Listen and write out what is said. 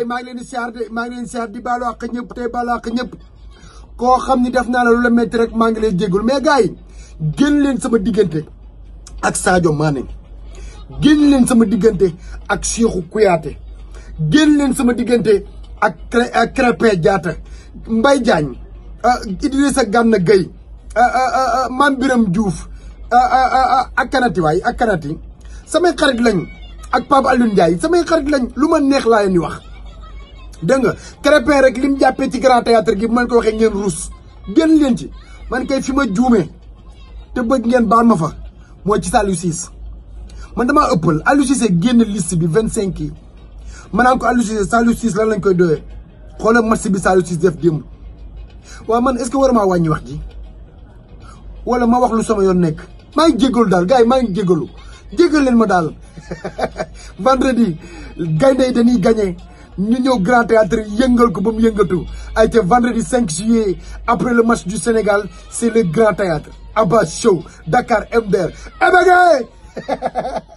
yi ma ngi leen di siyaar de ma ngi leen siar di baalu ak ñepp te baalu ak ñepp ko xamni def na la lu la metti rek ma ngi lay jéggul mais gaay gën leen sama digënté ak Sadio Mané gën leen sama digënté ak Cheikhou Kouyaté gën leen sama digënté ak crépé jaata mbay jañ Diagne ah, Idrissa Gana Gueye ah, ah, Mame Birame Diouf ak kanati waay ak kanati samay xarit lañ ak Pape Alioune Ndiaye samay xarit lañ luma neex la leen wax Deng, nga Krépin rek lim jappé ci grand théâtre gi man ko waxé ngeen rus gën leen ci man kay fima djoumé te bëgg ngeen baal ma fa mo ci salu 6 man dama ëppal Aliou Cissé gën liste bi 25, yi man nako ko 6 salu 6 lan lañ koy doyé xolam match bi salu 6 def dem wa man est-ce que war wax ji wala ma wax lu sama yon nek ma ngi jégalu dal gay ma ngi jégalu jégal leen ma dal vendredi gaynde dañuy gagner Nino grand théâtre yengol ko yengotu A été vendredi 5 juillet après le match du Sénégal c'est le grand théâtre Abba Show Dakar MDR ebége eh ben,